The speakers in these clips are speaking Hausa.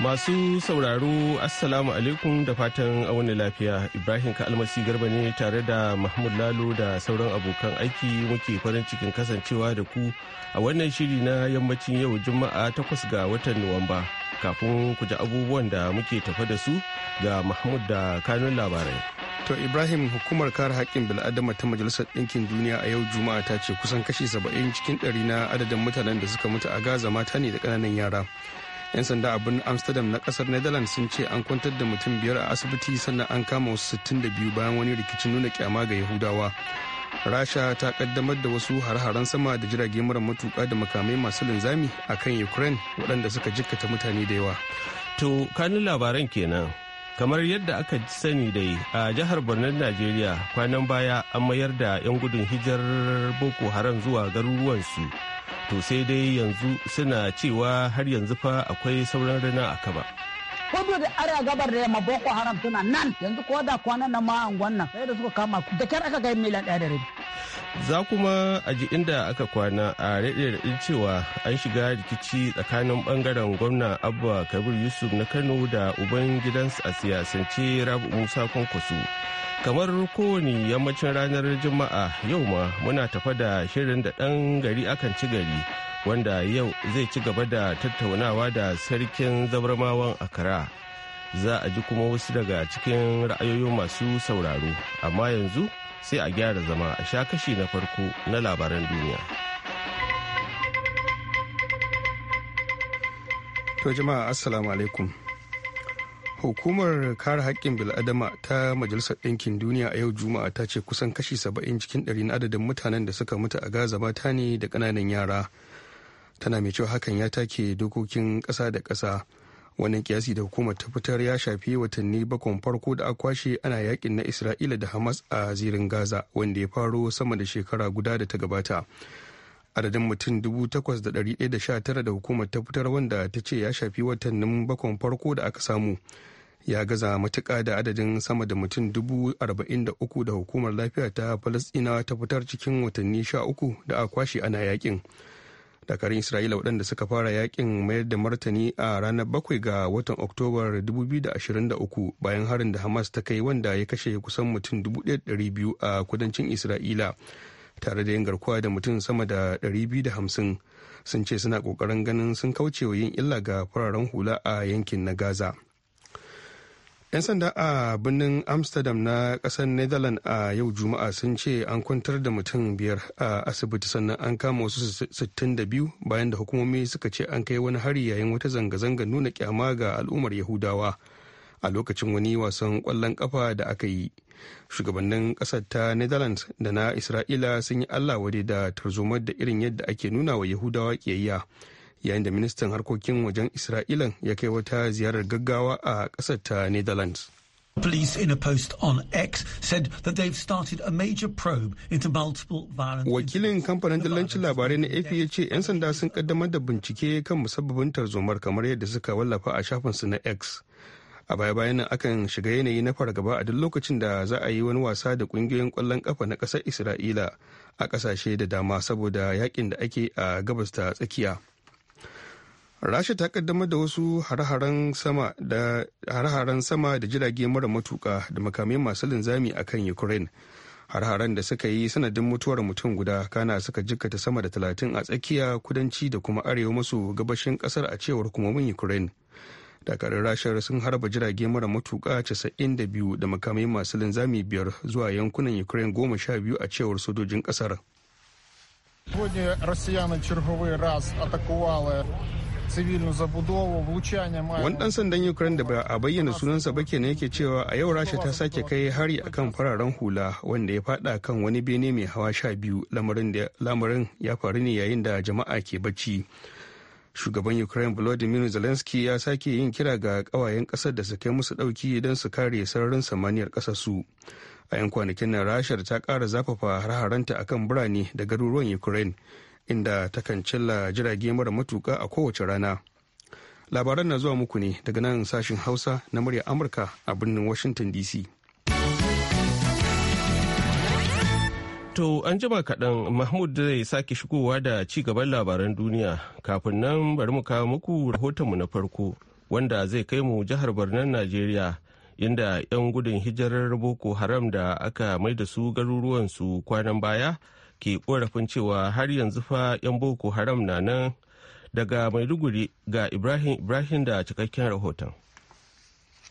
Masu sauraro Assalamu alaikum da fatan wani lafiya Ibrahim Kalmasi Garba ne tare da Mahmud Lalo da sauran abokan aiki muke farin cikin kasancewa da ku a wannan shiri na yammacin yau Juma'a takwas ga watan Nuwamba kafin ku ji abubuwan da muke tafa da su ga Mahmud da kanun labarai. To Ibrahim hukumar kare haƙƙin bil'adama ta Majalisar Ɗinkin Duniya a yau Juma'a ta ce kusan kashi saba'in cikin ɗari na adadin mutanen da suka mutu a Gaza mata ne da ƙananan yara. 'yan sanda a birnin amsterdam na kasar netherlands sun ce an kwantar da mutum biyar a asibiti sannan an kama wasu 62 bayan wani rikicin nuna kyama ga yahudawa rasha ta kaddamar da wasu har-haren sama da jirage mara matuka da makamai masu linzami a kan ukraine waɗanda suka jikkata mutane da yawa to kanin labaran kenan kamar yadda aka sani dai a jihar birnin najeriya kwanan baya an mayar da 'yan gudun hijirar boko haram zuwa garuruwansu to sai dai yanzu suna cewa har yanzu fa akwai sauran rana a kaba. kudu da arewa gabar da yamma boko haram suna nan yanzu ko da kwanan nan ma anguwan nan sai da suka kama da kyar aka kai miliyan ɗaya da rabi. za kuma a ji inda aka kwana a raɗe-raɗin cewa an shiga rikici tsakanin bangaren gwamna abba kabir yusuf na kano da uban gidansa a siyasance rabu musa kwankwaso kamar kowane yammacin ranar juma'a yau ma muna tafa da shirin da ɗan gari akan ci gari wanda yau zai ci gaba da tattaunawa da sarkin zabarmawan akara za a ji kuma wasu daga cikin ra'ayoyin masu sauraro amma yanzu sai a gyara zama a sha kashi na farko na labaran duniya to jama'a assalamu alaikum hukumar kare haƙƙin bil'adama ta majalisar ɗinkin duniya a yau juma'a ta ce kusan kashi 70 cikin ɗari na adadin mutanen da suka mutu a gaza mata ne da ƙananan yara tana mai cewa hakan ya take dokokin ƙasa da ƙasa wannan kiyasi da hukumar ta fitar ya shafi watanni bakon farko da akwashe ana yakin na isra'ila da hamas a zirin gaza wanda ya faro sama da shekara guda da ta gabata adadin mutum 8,119 da hukumar ta fitar wanda ta ce ya shafi watannin bakon farko da aka samu ya gaza matuka da adadin sama da mutum 43,000 da hukumar lafiya ta falasɗina ta fitar cikin watanni 13 da a kwashe ana yakin dakarun isra'ila waɗanda suka fara yakin mayar da martani a ranar bakwai ga watan oktobar 2023 bayan harin da hamas ta kai wanda ya kashe kusan mutum 1,200 a kudancin isra'ila tare da yin garkuwa da mutum sama da 250 sun ce suna kokarin ganin sun kauce wa yin illa ga fararen hula a yankin na gaza 'yan sanda a birnin amsterdam na kasar netherland a yau juma'a sun ce an kwantar da mutum biyar a asibiti sannan an kama wasu 62 bayan da hukumomi suka ce an kai wani hari yayin wata zanga-zanga nuna kyama ga al'ummar yahudawa a lokacin wani wasan kwallon kafa da aka yi shugabannin ƙasar ta netherlands da na isra'ila sun yi allah wade da tarzomar da irin yadda ake nuna wa yahudawa kiyayya yayin da ministan harkokin wajen isra'ilan ya kai wata ziyarar gaggawa a ƙasar ta netherlands in a on X said that they've started a major probe into multiple violent Wakilin kamfanin dillancin labarai na AP ya ce 'yan sanda sun kaddamar da bincike kan musabbabin tarzomar kamar yadda suka wallafa a shafinsu na X. a baya bayan nan akan shiga yanayi na fargaba a duk lokacin da za a yi wani wasa da kungiyoyin kwallon kafa na kasar isra'ila a kasashe da dama saboda yakin da ake a gabas ta tsakiya rasha ta kaddamar da wasu hare-haren sama da jirage mara matuka da makamai masu linzami a kan ukraine hare-haren da suka yi sanadin mutuwar mutum guda kana suka jikkata sama da talatin a tsakiya kudanci da kuma arewa maso gabashin kasar a cewar hukumomin ukraine dakarun rashar sun harba jirage mara matuka 92 da makamai masu linzami biyar zuwa yankunan ukraine goma sha biyu a cewar sojojin kasar wani dan sandan ukraine da ba a bayyana sunansa ba kenan yake cewa a yau rasha ta sake kai hari akan fararen hula wanda ya fada kan wani bene mai hawa sha biyu lamarin ya faru ne yayin da jama'a ke bacci shugaban ukraine volodymyr zelensky ya sake yin kira ga kawayen kasar da su kai musu dauki don su kare sararin samaniyar kasar su a yan kwanakin nan rashar ta kara zafafa har-haranta kan birane da garuruwan ukraine inda takan cilla jirage mara matuka a kowace rana labaran na zuwa muku ne daga nan sashin hausa na murya amurka a birnin washington dc To an jima kaɗan Mahmud zai sake shigowa da ci gaban labaran duniya kafin nan bari mu kawo muku rahotonmu na farko wanda zai kai mu jihar barnar Najeriya inda 'yan gudun hijirar Boko Haram da aka mai da su garuruwansu kwanan baya ke korafin cewa har yanzu fa 'yan Boko Haram na nan daga Maiduguri ga Ibrahim Ibrahim da cikakken rahoton.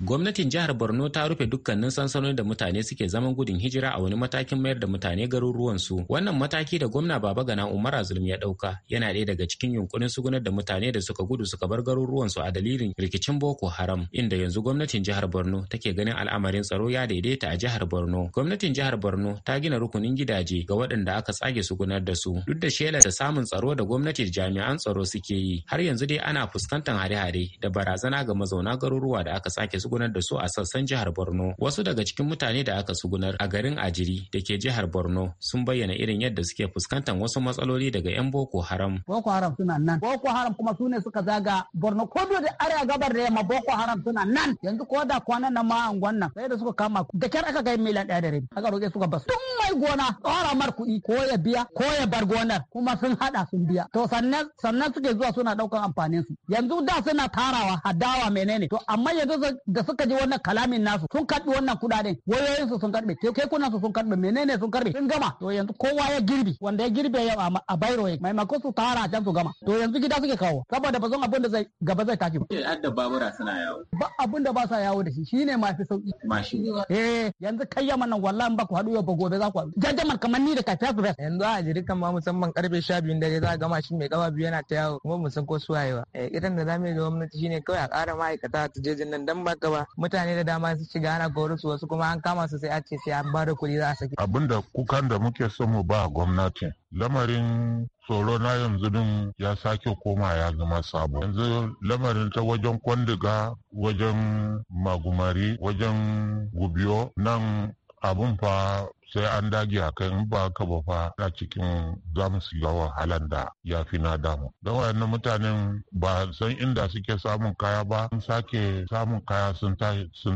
Gwamnatin jihar Borno ta rufe dukkanin sansanoni da mutane suke zaman gudun hijira a wani matakin mayar da mutane garuruwansu. Wannan mataki da gwamna Baba Gana Umar Azulum ya dauka yana ɗaya daga cikin yunkurin sugunar da mutane da suka gudu suka bar garuruwansu a dalilin rikicin Boko Haram inda yanzu gwamnatin jihar Borno take ganin al'amarin tsaro ya daidaita a jihar Borno. Gwamnatin jihar Borno ta gina rukunin gidaje ga waɗanda aka tsage sugunar da su. Duk da shelar da samun tsaro da gwamnati jami'an tsaro suke yi har yanzu dai ana fuskantar hare-hare da barazana ga mazauna garuruwa da aka sake su sugunar da su a sassan jihar Borno. Wasu daga cikin mutane da aka sugunar a garin Ajiri da ke jihar Borno sun bayyana irin yadda suke fuskantar wasu matsaloli daga 'yan Boko Haram. Boko Haram suna nan. Boko Haram kuma su ne suka zaga Borno ko da arewa gabar da yamma Boko Haram suna nan. Yanzu ko da kwanan nan ma angon nan sai da suka kama da kyar aka kai miliyan ɗaya da rabi. Aka roƙe suka basu. Duk kai gona tsara mar kuɗi ko ya biya ko ya bar gonar kuma sun hada sun biya to sannan sannan suke zuwa suna daukan amfanin su yanzu da suna tarawa hadawa menene to amma yanzu da suka ji wannan kalamin nasu sun karbi wannan kudaden wayoyin su sun karbe ke kunan su sun karbe menene sun karbe sun gama to yanzu kowa ya girbi wanda ya girbe ya a bairo ya maimako su tara can su gama to yanzu gida suke kawo saboda ba zan abin da zai gaba zai tashi ba eh adda babura suna yawo ba abin da ba sa yawo da shi shine mafi sauki mashi eh yanzu kai nan wallahi ba ku hadu yau ba gobe za ku gardamar kamar ni da fiya yanzu a jiri kan ma musamman karfe sha biyun dare za a gama shi mai kawa biyu yana ta yawo kuma mu san ko su waye ba eh, irin da zamu yi da gwamnati shine kawai a ƙara ma'aikata ta jejin nan dan ba ba mutane da dama su shiga ana gauru su wasu kuma an kama su sai a ce sai an ba da kuɗi za a saki da kukan da muke so mu ba gwamnati lamarin tsoro na yanzu din ya sake koma ya zama sabo yanzu lamarin ta wajen kwandiga wajen magumari wajen gubiyo nan abun fa sai an dage a kan ba ka ba fa a cikin za mu wahalan da ya fi na damu don wayannan mutanen ba san inda suke samun kaya ba sun sake samun kaya sun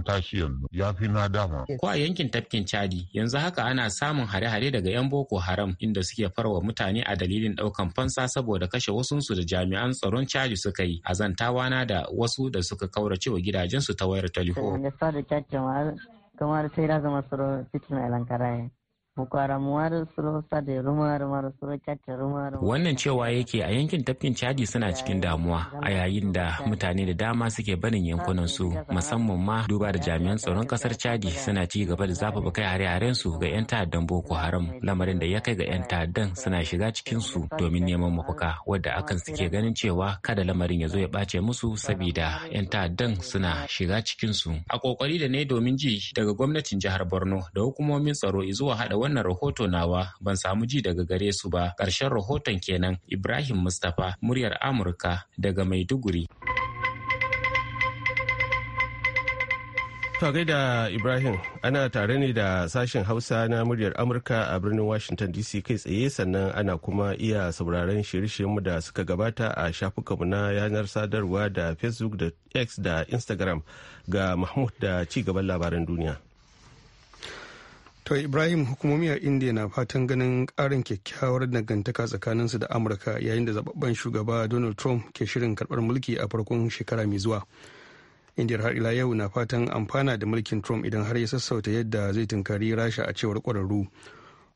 tashi yanzu ya fi na dama. ko a yankin tafkin chadi yanzu haka ana samun hare-hare daga yan boko haram inda suke farwa mutane a dalilin daukan fansa saboda kashe wasu su da jami'an tsaron chadi suka yi a zantawa na da wasu da suka kaurace wa gidajensu ta wayar talifo. Kumara ಶ್ರೀರಾಮ ಮಾಸ್ತರು ಶಿಕ್ಷಣ ಅಲಂಕಾರ Wannan cewa yake a yankin tafkin Chadi suna cikin damuwa a yayin da mutane da dama suke barin yankunan su musamman ma duba da jami'an tsaron kasar Chadi suna ci gaba da zafafa kai hare-haren su ga 'yan ta'addan Boko Haram lamarin da ya kai ga 'yan ta'addan suna shiga cikin su domin neman mafuka. wadda akan suke ganin cewa kada lamarin ya zo ya bace musu saboda 'yan ta'addan suna shiga cikin su. A kokari da ne domin ji daga gwamnatin jihar Borno da hukumomin tsaro zuwa haɗa wannan rahoto nawa ban samu ji daga gare su ba Karshen rahoton kenan ibrahim mustapha muryar amurka daga maiduguri To gaida Ibrahim ana tare ne da sashen Hausa na muryar Amurka a birnin Washington DC kai tsaye sannan ana kuma iya sauraron shirye-shiryenmu da suka gabata a shafukanmu na yanar sadarwa da Facebook da X da Instagram ga Mahmud da ci gaban labaran duniya. To Ibrahim hukumomi a India na fatan ganin ƙarin kyakkyawar dangantaka tsakaninsu da Amurka yayin da zababben shugaba Donald Trump ke shirin karɓar mulki a farkon shekara mai zuwa. Indiyar har ila yau na fatan amfana da mulkin Trump idan har ya sassauta yadda zai tunkari Rasha a cewar ƙwararru.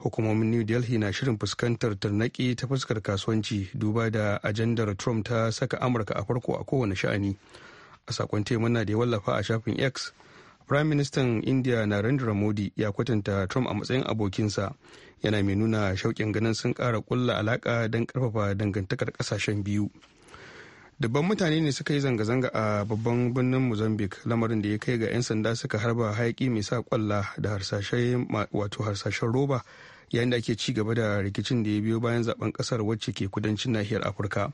Hukumomin New Delhi na shirin fuskantar tarnaki ta fuskar kasuwanci duba da ajandar Trump ta saka Amurka a farko a kowane sha'ani. A sakon na da ya wallafa a shafin X. Prime Ministan India Narendra Modi ya kwatanta Trump a matsayin abokinsa yana mai nuna shauƙin ganin sun ƙara ƙulla alaƙa don ƙarfafa dangantakar ƙasashen biyu. dubban mutane ne suka yi zanga-zanga a babban birnin Mozambique lamarin da ya kai ga 'yan sanda suka harba hayaƙi mai sa ƙwalla da wato harsashen roba yayin da ake ci gaba da rikicin da ya biyo bayan zaben ƙasar wacce ke kudancin nahiyar Afirka.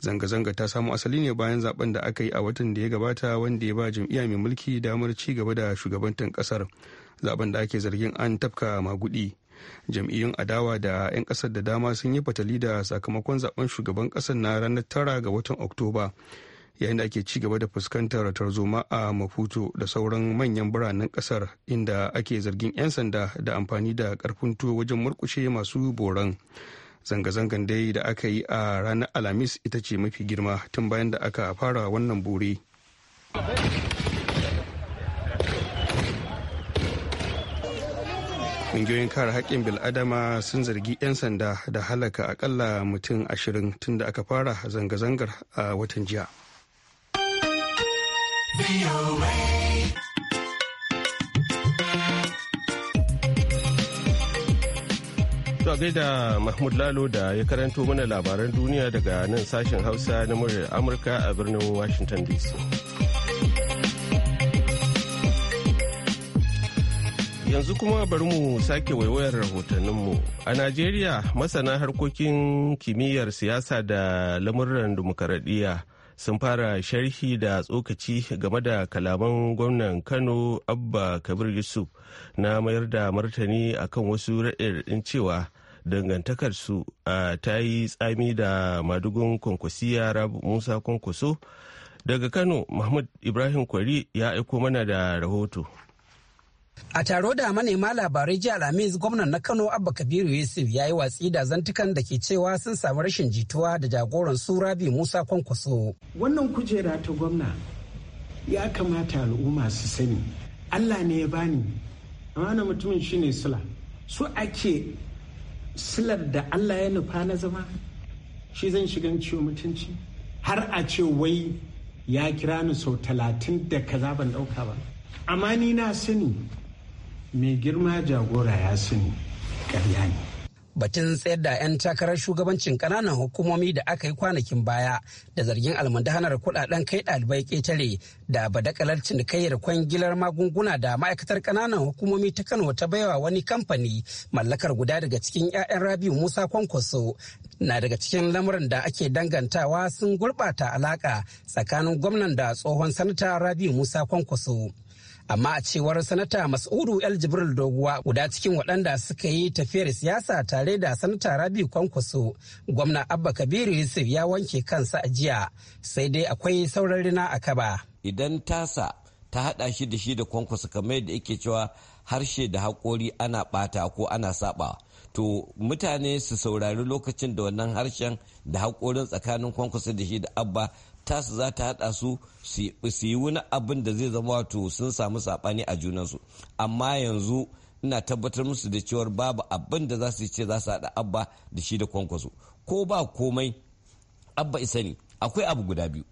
zanga-zanga ta samu asali ne bayan zaben da aka yi a watan da ya gabata wanda ya ba jam'iyya mai mulki damar ci gaba da shugabantar kasar zaben da ake zargin an tafka magudi jam'iyyun adawa da 'yan kasar da dama sun yi fatali da sakamakon zaben shugaban kasar na ranar tara ga watan oktoba yayin da ake ci gaba da fuskantar tarzoma a maputo da sauran manyan biranen kasar inda ake zargin 'yan sanda da amfani da karfin tuwo wajen murkushe masu boran zanga-zangan dai da aka yi a ranar alhamis ita ce mafi girma tun bayan da aka fara wannan bore ƙungiyoyin kare haƙƙin bil'adama sun zargi 'yan sanda da halaka akalla mutum ashirin tun da aka fara zanga-zangar a watan jiya. To da Mahmud Lalo da ya karanto mana labaran duniya daga nan sashen Hausa na muryar Amurka a birnin Washington DC. Yanzu kuma bari mu sake waiwayar rahotanninmu. A Najeriya masana harkokin kimiyyar siyasa da lamurran dimokuraɗiyya sun fara sharhi da tsokaci game da kalaman gwamnan kano abba kabir yusuf na mayar da martani akan wasu raɗaɗin cewa dangantakarsu ta yi tsami da madugun kwankwasiya rabu musa kwankwaso daga kano mahmud ibrahim kwari ya aiko mana da rahoto A taro da manema labarai jiya Alhamis gwamnan na Kano Abba Kabiru Yusuf ya yi watsi da zantukan da ke cewa sun samu rashin jituwa da jagoran su Rabi Musa Kwankwaso. Wannan kujera ta gwamna ya kamata al'umma su sani. Allah ne ya bani. na mutumin shi ne sula. Su ake silar da Allah ya nufa na zama shi zan shiga ciwo mutunci har a ce wai ya kira ni sau talatin da kaza ban ɗauka ba. Amma ni na sani mai girma jagora ya sani karya ne batun tsayar da 'yan takarar shugabancin kananan hukumomi da aka yi kwanakin baya da zargin almundahanar kudaden kai ɗalibai ƙetare da badakalar cinikayyar kwangilar magunguna da ma'aikatar kananan hukumomi ta kano ta baiwa wani kamfani mallakar guda daga cikin 'ya'yan rabiu musa kwankwaso na daga cikin lamuran da ake dangantawa sun gurɓata alaƙa tsakanin gwamnan da tsohon sanata rabiu musa kwankwaso amma a cewar sanata mas'udu el jibril doguwa guda cikin waɗanda suka yi tafiyar siyasa tare da sanata rabi kwankwaso gwamna abba kabiru yusuf ya wanke kansa a jiya sai dai akwai sauran rina a kaba idan tasa ta haɗa shi da shi da kwankwaso kamar yadda yake cewa harshe da haƙori ana ɓata ko ana saɓa to mutane su saurari lokacin da wannan harshen da haƙorin tsakanin kwankwaso da shi da abba tasu za ta haɗa su su yi wani abin da zai zama wato sun samu saɓani a junansu amma yanzu ina tabbatar musu da cewar babu abin da za su ce za su haɗa abba da shi da kwankwaso ko ba komai abba isa ne akwai abu guda biyu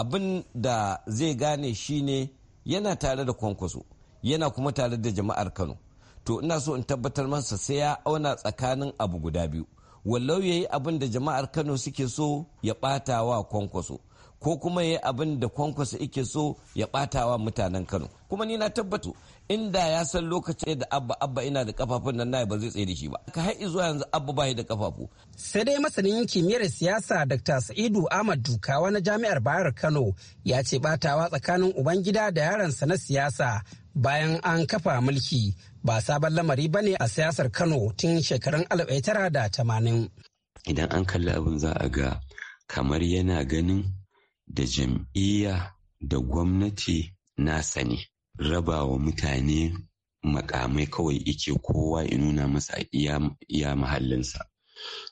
abin da zai gane shi ne yana tare da kwankwaso yana kuma tare da jama'ar kano to ina so in tabbatar masa sai ya auna tsakanin abu guda biyu wallau ya yi abin da jama'ar kano suke so ya ɓata wa kwankwaso ko kuma ya abin da kwankwasa ike so ya batawa mutanen kano kuma ni na tabbatu inda ya san lokacin da abba abba ina da kafafun nan na ba zai tsaye da shi ba ka har zuwa yanzu abba bai da kafafu sai dai masanin kimiyyar siyasa dr sa'idu ahmad dukawa na jami'ar bayar kano ya ce batawa tsakanin ubangida da yaransa na siyasa bayan an kafa mulki ba sabon lamari ba ne a siyasar kano tun shekarun da tamanin. idan an kalli abin za a ga kamar yana ganin da jam'iyya da gwamnati sani raba rabawa mutane makamai kawai ike kowa ya nuna masa iya mahallinsa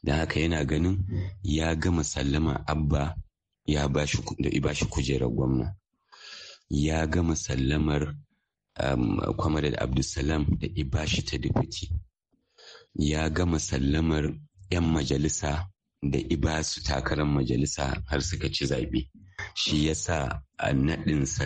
da haka yana ganin ya gama sallama abba ya ba shi kujerar gwamna ya gama sallamar kwamar um, kwamadar abdulsalam da ibashi ta dubuti ya gama sallamar 'yan majalisa da ibasu takarar majalisa har suka ci zaɓe shi ya sa a naɗinsa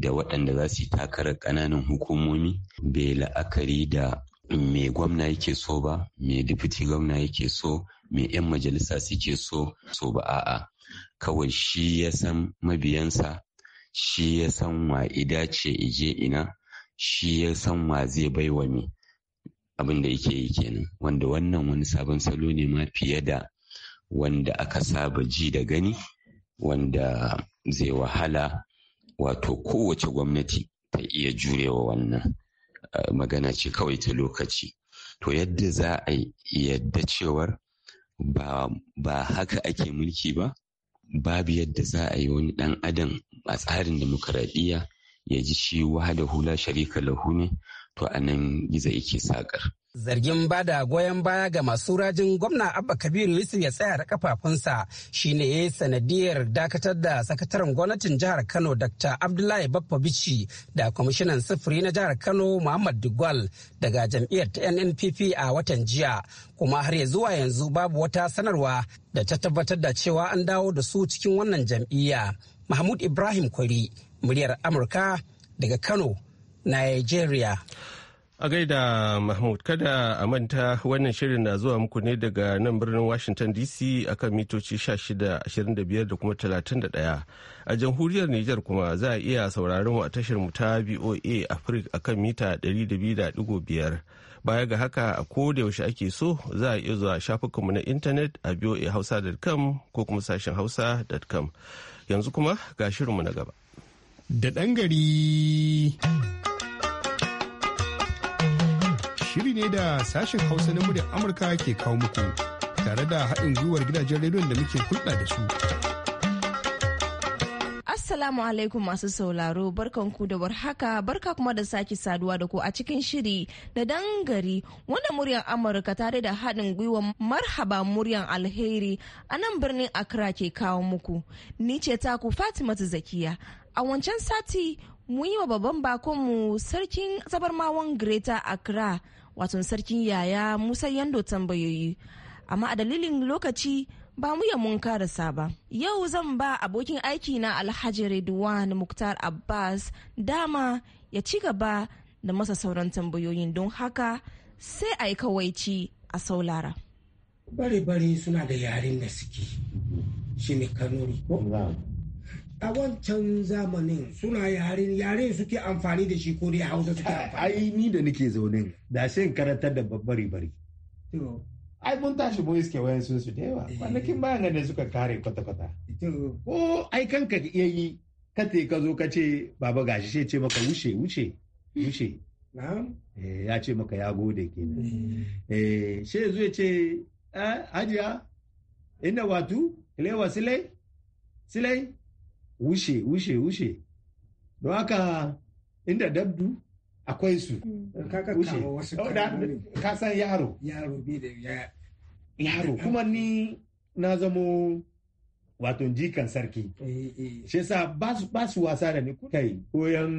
da waɗanda za su yi takarar ƙananan hukumomi bai la'akari da me gwamna yake so ba me dubuti gwamna yake so me 'yan majalisa suke so so ba a'a kawai shi ya san mabiyansa shi ya san wa ce ije ina shi ya san wa zai baiwa me abin da yake yi kenan wanda wannan wani sabon salo ne ma fiye da wanda aka saba ji da gani wanda zai wahala wato kowace gwamnati ta iya jurewa wannan eh, magana ce kawai ta lokaci to yadda za a yadda cewar ba, ba haka ake mulki ba babu yadda za a yi wani ɗan adam a tsarin demokaradiyya ya ji shi wahala hula sharika lahu ne to a nan gizo yake sakar zargin bada goyon baya ga masu rajin gwamna abba kabir yusuf ya tsaya da kafafunsa shine ne sanadiyar dakatar da sakataren gwamnatin jihar kano dr abdullahi baffa bici da kwamishinan sufuri na jihar kano muhammad dugwal daga jam'iyyar ta nnpp a watan jiya kuma har ya zuwa yanzu babu wata sanarwa da ta tabbatar da cewa an dawo da su cikin wannan jam'iyya mahmud ibrahim kwari muryar amurka daga kano nigeria A gaida Mahmud kada a manta wannan shirin na zuwa muku ne daga nan birnin Washington DC akan mitoci 1625 da kuma 31. A jamhuriyar Nijar kuma za a iya sauraron a tashar mu ta BOA Africa akan mita 200.5. Baya ga haka a da yaushe ake so za a iya zuwa shafukanmu na intanet a boahausa.com ko kuma sashen hausa.com. Yanzu kuma ga shirinmu na gaba. Da gari. shiri ne da sashen hausa na muryar amurka ke kawo muku tare da haɗin gwiwar gidajen rediyon da muke hulɗa da su assalamu alaikum masu sauraro barkanku da warhaka barka kuma da sake saduwa da ku a cikin shiri da dangari wanda muryar amurka tare da haɗin gwiwar marhaba muryar alheri a nan birnin accra ke kawo muku ni ce taku fatimatu zakiya a wancan sati mun yi wa babban bakonmu sarkin zabarmawan greta accra wato sarkin yaya musa yando tambayoyi amma a dalilin lokaci ba mu ya mun karasa ba yau zan ba abokin aiki na alhaji redwan muktar abbas dama ya ci gaba da masa sauran tambayoyin don haka sai a yi kawaici a saulara bare-bare suna da yaren da suke shi ne kanuri ko a wancan zamanin suna yaren yaren suke amfani da shi ko dai hausa suke amfani ai ni da nake zaune da in karantar da babbari bari ai mun tashi mun suke wayan sun su da yawa eh. kwanakin bayan ne suka kare kwata-kwata ko ai kanka da iya yi ka te ka zo ka ce baba gashi sai ce maka wuce wuce wuce eh, ya ce maka ya gode kenan eh, eh sai yanzu ya ce hajiya ina watu kilewa silai silai wushe wushe wushe don haka inda dabdu akwai su hmm. wushe ka san yaro yaro kuma ni na zamo wato jikan sarki eh, eh. shi sa ba su wasa da ni kai ko yan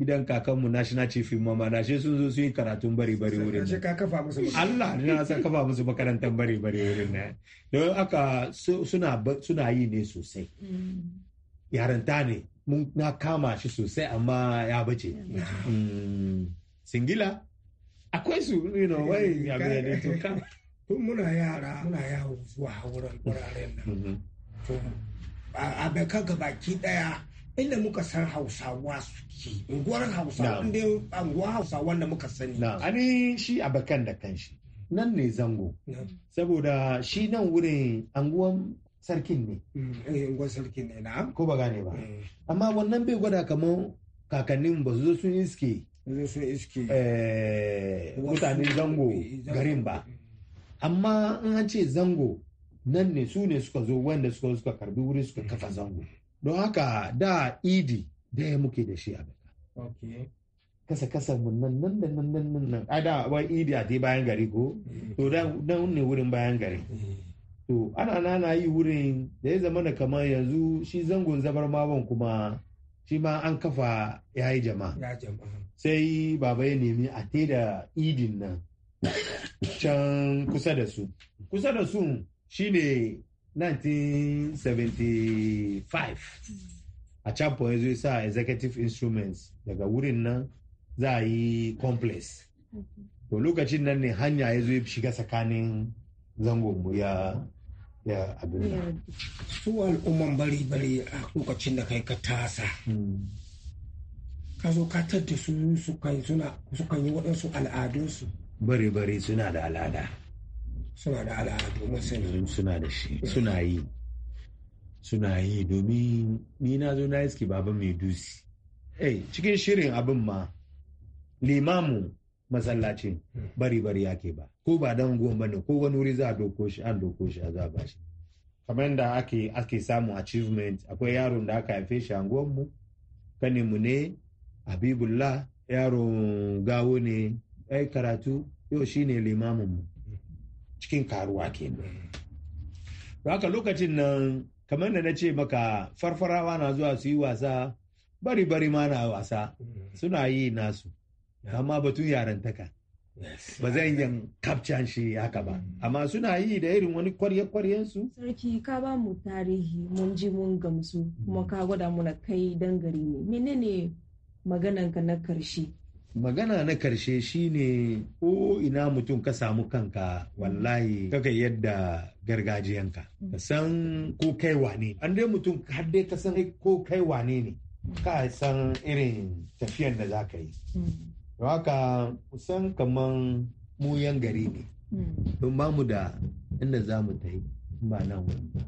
gidan kakanmu national chief mama na shi sun zo su yi karatun bari bari wurin shi ka kafa musu Allah na san kafa musu makarantar bari bari wurin na don aka suna suna yi ne sosai mm. yaranta ne mun na kama shi sosai amma ya bace mm. singila akwai su you know wai ya eh, bi da to tun muna yara muna yawo zuwa wurin wuraren nan mm-hmm. to a baka ga baki daya inda muka san hausawa suke unguwar hausawa inda unguwar hausawa da muka sani ani shi a da kanshi nan ne zango saboda shi nan wurin anguwan sarkin ne mm, eh, unguwar sarkin ne na ko ba gane ba mm. amma wannan bai gwada kamar kakannin ba su zo sun iske eh, mutanen eh, zango garin ba mm. amma in an ce zango nan ne su ne suka zo wanda suka suka karbi wuri suka kafa zango don haka da idi daya muke da shi a baka kasa kasa mun nan nan da nan nan nan a da wai idi a dai bayan gari ko eh. to dan ne wurin bayan gari eh. to ana nana yi wurin da ya zama kamar yanzu shi zangon zabar mabon kuma shi ma an kafa ya yi jama'a sai baba ya nemi a da idin nan can kusa da su kusa da su ne 1975 a can ya sa executive instruments daga wurin nan za a yi complex to lokacin nan ne hanya ya zo ya shiga tsakanin zango ya abin da su al'umman bari bari a lokacin da kai ka tasa hmm. ka zo ka tattasu su kai suna su yi waɗansu al'adunsu bare-bare suna da al'ada suna da al'ada domin sai suna da shi suna yi suna yi domin ni na zo na iski baba mai dusi eh cikin shirin abin ma limamu masallacin hmm. bari-bari ke ba ko ba dan goma ne ko wani wuri za a doko shi an doko shi a zaba ba shi kamar da ake ake samun achievement akwai yaron da aka haife shi a mu mu ne Abibullah, yaron gawo ne ya yi karatu yau shi ne limaminmu cikin karuwa kenan don haka lokacin nan kamar da na ce maka farfarawa na zuwa su yi wasa bari bari ma na wasa suna yi nasu amma batun yarantaka ba zan yin kafcan shi haka ba amma suna yi da irin wani kwarye su sarki ka ba mu tarihi mun ji mun gamsu kuma ka gwada muna kai dangare ne menene maganan ka na karshe magana na karshe shine ko ina mutum ka samu kanka wallahi kaka yadda gargajiyanka ka san ko kai wane an dai mutum har dai ka san ko kai wane ne ka san irin tafiyan da za ka yi don haka kusan kaman mu yan gari ne don ba mu da inda za mu ta yi ba nan wani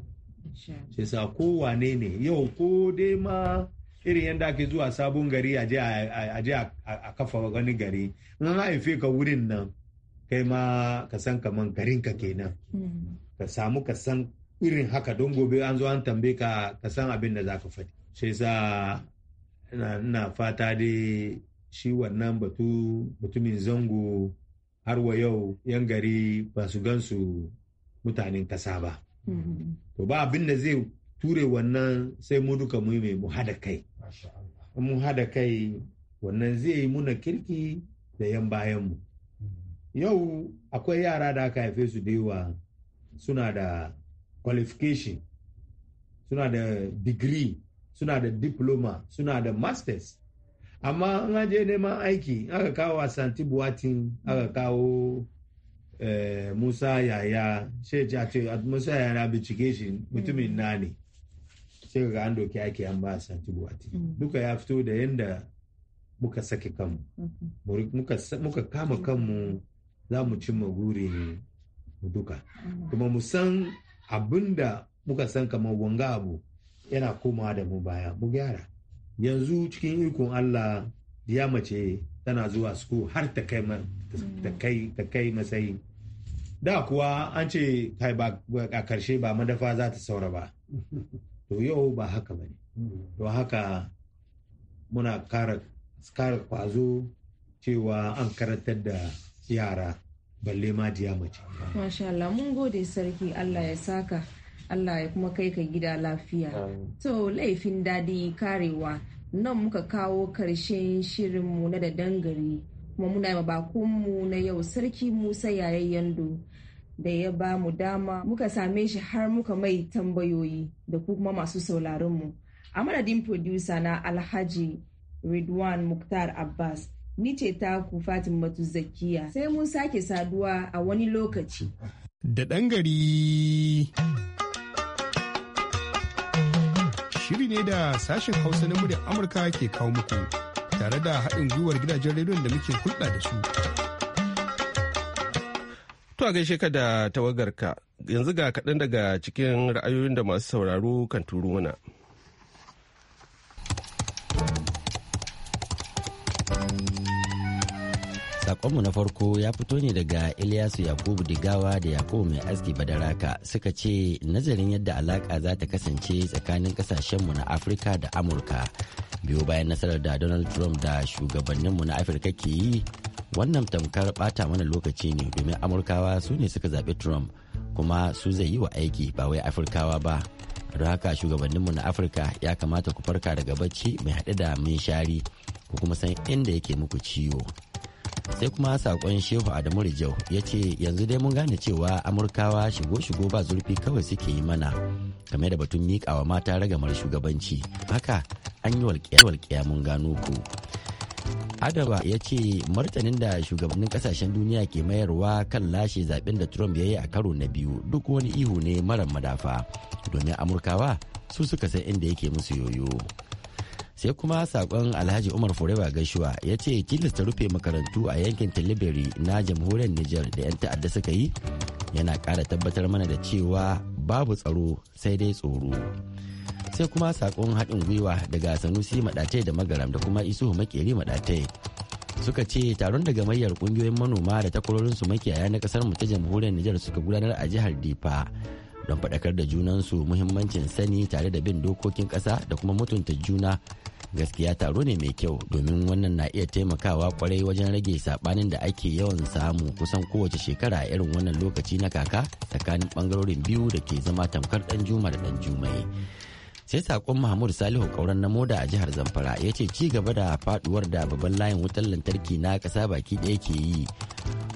sai sa ko wane ne yau ko dai ma irin yadda ake zuwa sabon gari a je a kafa wani gari in haife ka wurin nan kai ma ka san kaman garin ka kenan ka samu ka san irin haka don gobe an zo an tambaye ka ka san abin da za ka faɗi shi sa ina fata dai shi wannan batu mutumin zango har wa yau yan gari ba su gansu mutanen kasa ba mm-hmm. to ba abin da zai ture wannan sai mu duka mu yi mai mu hada kai in mun haɗa kai wannan zai yi muna kirki da yan bayanmu hmm. yau akwai yara da aka haife su da yawa suna da qualification suna da degree suna da diploma suna da masters amma an aje neman aiki aka kawo asanti buwatin aka kawo eh, musa yaya shi ce a musa yaya bincike shi mutumin hmm. na sai ga an doki ake an ba sa tubu a mm. duka ya fito da yanda muka sake kanmu mm-hmm. muka kama kanmu za mu cimma guri mu duka mm. kuma mu san abinda muka san kamar wanga abu yana koma da mu baya mu gyara yanzu cikin ikon Allah ya mace tana zuwa suku har mm. ta kai matsayi da kuwa an ce a karshe ba madafa za ta saura ba to yau ba haka ba ne don haka muna kara kwazo cewa an karantar da yara balle ma diya mace. Masha Allah mun gode sarki Allah ya saka Allah ya kuma kai ka gida lafiya. To laifin daɗi karewa nan muka kawo ƙarshen shirinmu na da dangare kuma muna yi mu na yau sarki Musa yayayyen do da ya ba mu dama muka same shi har muka mai tambayoyi da kuma masu sauraronmu. A madadin producer na Alhaji Ridwan Muktar Abbas, ni ce ta taku Fatimatu Zakiya. Sai mun sake saduwa a wani lokaci. Da ɗan gari. Shiri ne da sashen Hausa na muryar Amurka ke kawo muku tare da haɗin gwiwar gidajen rediyon da muke hulɗa da su. To a gaishe ka da tawagarka yanzu ga kaɗan daga cikin ra'ayoyin da masu sauraro kan turu mana. Sakonmu na farko ya fito ne daga Ilyasu Yakubu Digawa da Yakubu Mai Aski Badaraka suka ce nazarin yadda alaka za ta kasance tsakanin kasashenmu na Afirka da Amurka. Biyo bayan nasarar da Donald Trump da shugabanninmu na Afirka ke yi, wannan tamkar bata mana lokaci ne domin Amurkawa su ne suka zaɓi Trump kuma su zai yi wa aiki ba wai Afirkawa ba. Don haka shugabanninmu na Afirka ya kamata ku farka daga bacci mai haɗe da mun shari ku kuma san inda yake muku ciwo. sai kuma sakon shehu adamu rijau ya ce yanzu dai mun gane cewa amurkawa shigo-shigo ba zurfi kawai suke yi mana game da batun miƙawa mata ragamar shugabanci haka an yi walƙiya mun gano ku adaba ya ce martanin da shugabannin kasashen duniya ke mayarwa kan lashe zaben da trump ya yi a karo na biyu duk wani ihu ne mara madafa domin amurkawa su suka san inda yake musu yoyo sai kuma sakon alhaji umar foreba gaishuwa ya ce tilasta rufe makarantu a yankin tilibiri na jamhuriyar niger da 'yan ta'adda suka yi yana kara tabbatar mana da cewa babu tsaro sai dai tsoro sai kuma sakon haɗin gwiwa daga sanusi maɗatai da magaram da kuma isuhu makeri maɗatai suka ce taron da gamayyar kungiyoyin manoma da takwarorinsu makiyaya na kasar mu ta jamhuriyar Nijar suka gudanar a jihar Difa don faɗakar da junansu muhimmancin sani tare da bin dokokin ƙasa da kuma mutunta juna gaskiya taro ne mai kyau domin wannan na iya taimakawa kwarai wajen rage sabanin da ake yawan samu kusan kowace shekara a irin wannan lokaci na kaka tsakanin bangarorin biyu da ke zama tamkar dan juma da dan jumai sai sakon mahmud salihu kauran na moda a jihar zamfara ya ce ci gaba da faduwar da babban layin wutar lantarki na kasa baki ɗaya ke yi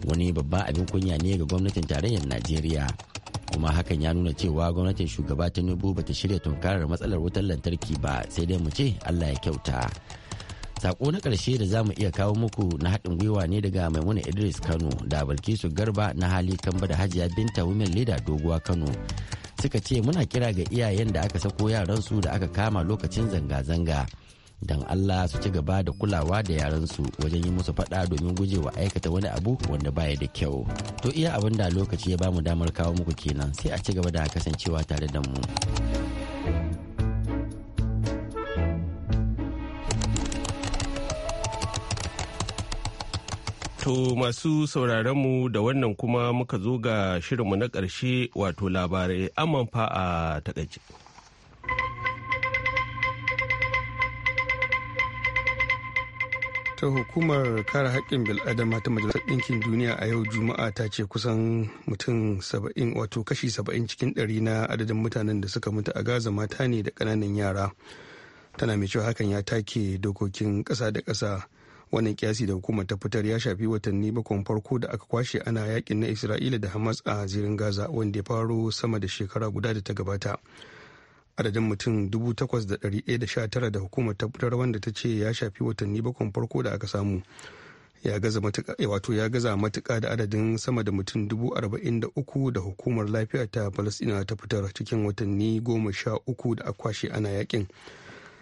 wani babban abin kunya ne ga gwamnatin tarayyar najeriya kuma hakan ya nuna cewa gwamnatin shugaba tinubu bata shirya tunkarar matsalar wutar lantarki ba sai dai mu ce allah ya kyauta sako na ƙarshe da za mu iya kawo muku na haɗin gwiwa ne daga maimuna idris kano da bilkisu garba na hali kamba da hajiya binta women leader doguwa kano suka ce muna kira ga iyayen da aka sako yaransu da aka kama lokacin zanga-zanga don Allah su ci gaba da kulawa da yaransu wajen yi musu fada domin gujewa aikata wani abu wanda baya da kyau. To iya abin da lokaci ya bamu damar kawo muku kenan sai a ci gaba da kasancewa tare da mu. To masu sauraronmu da wannan kuma muka zo ga shirinmu na ƙarshe wato labarai amman fa a takaice. ta hukumar kare haƙƙin bil'adama ta majalisar ɗinkin duniya a yau juma'a ta ce kusan mutum saba'in wato kashi saba'in cikin ɗari na adadin mutanen da suka mutu a gaza mata ne da ƙananan yara tana mai cewa hakan ya take dokokin ƙasa da ƙasa wannan kiyasi da hukumar ta fitar ya shafi watanni bakon farko da aka kwashe ana yakin na isra'ila da hamas a zirin gaza wanda ya faro sama da shekara guda da ta gabata adadin mutum 8,119 da hukumar ta fitar wanda ta ce ya shafi watanni bakon farko da aka samu ya gaza eh, wato ya gaza matuka da adadin sama da mutum 43,000 da hukumar lafiya ta palestina ta fitar cikin watanni goma sha uku da akwashe ana yakin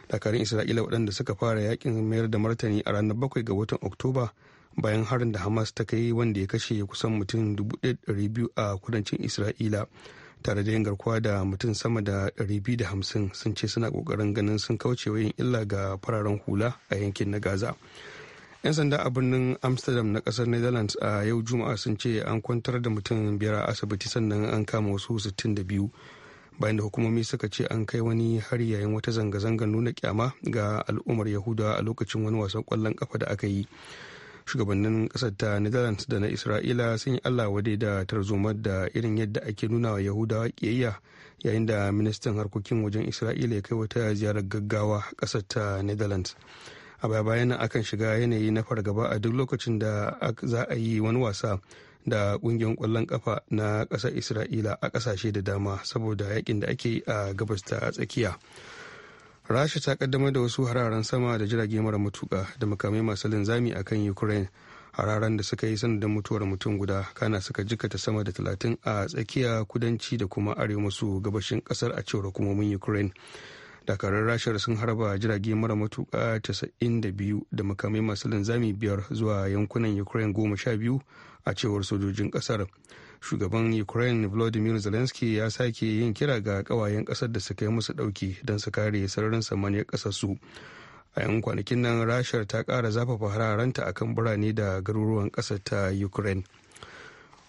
dakarun isra'ila waɗanda suka fara yakin mayar da martani a ranar 7 ga watan oktoba bayan harin da hamas ta kai wanda ya kashe kusan mutum 200,000 a kudancin isra'ila tare da yin garkuwa da mutum sama da 250 sun ce suna kokarin ganin sun kaucewa yin illa ga fararen hula a yankin na gaza 'yan sanda a birnin amsterdam na kasar netherlands a yau juma'a sun ce an kwantar da mutum biyar a asibiti sannan an kama wasu 62 bayan da hukumomi suka ce an kai wani hari yayin wata zanga-zangar nuna kyama ga al'ummar yahudawa a lokacin wani wasan kwallon kafa da aka yi shugabannin kasar ta netherlands da na isra'ila sun yi allah wadai da tarzomar da irin yadda ake nuna wa yahudawa kiyayya yayin da ministan harkokin wajen isra'ila ya kai wata ziyarar gaggawa kasar ta netherlands a baya bayan akan shiga yanayi na fargaba a duk lokacin da za a yi wani wasa da kungiyar kwallon kafa na kasar isra'ila a kasashe da dama saboda yakin da ake a gabas ta tsakiya rasha ta kaddamar da wasu hararen sama da jirage mara matuka da makamai masu linzami a kan ukraine hararen da suka yi sanadin mutuwar mutum guda kana suka jikata sama da talatin a tsakiya kudanci da kuma arewa maso gabashin kasar a cewar hukumomin ukraine dakarar rashar sun harba jirage mara matuka 92 da makamai masu linzami biyar zuwa yankunan ukraine goma sha biyu a cewar sojojin kasar shugaban ukraine volodymyr zelensky ya sake yin kira ga kawayen kasar da su kai musu dauki don su kare sararin samaniyar kasar su a yan kwanakin nan rashar ta kara zafafa hararanta akan birane da garuruwan kasar ta ukraine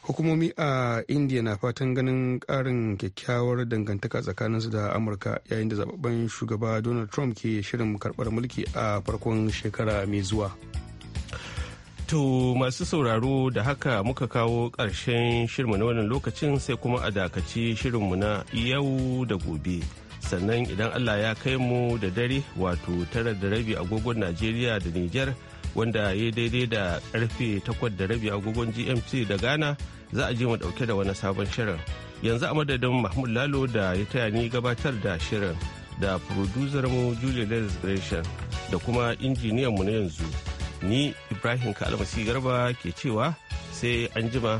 hukumomi a india na fatan ganin karin kyakkyawar dangantaka tsakaninsu da amurka yayin da zababben shugaba donald trump ke shirin karbar mulki a farkon shekara mai zuwa. To masu sauraro da haka muka kawo ƙarshen shirinmu na wannan lokacin sai kuma a dakaci shirinmu na yau da gobe. Sannan idan Allah ya kai mu da dare wato tara da rabi agogon Najeriya da Nijar wanda ya daidai da karfe takwas da rabi agogon GMT da Ghana za a je mu ɗauke da wani sabon shirin. Yanzu a madadin Mahmud Lalo da ya taya ni gabatar da shirin da producer mu Julia Gresham da kuma injiniyan mu na yanzu. ni ibrahim kalmasi garba ke cewa sai an jima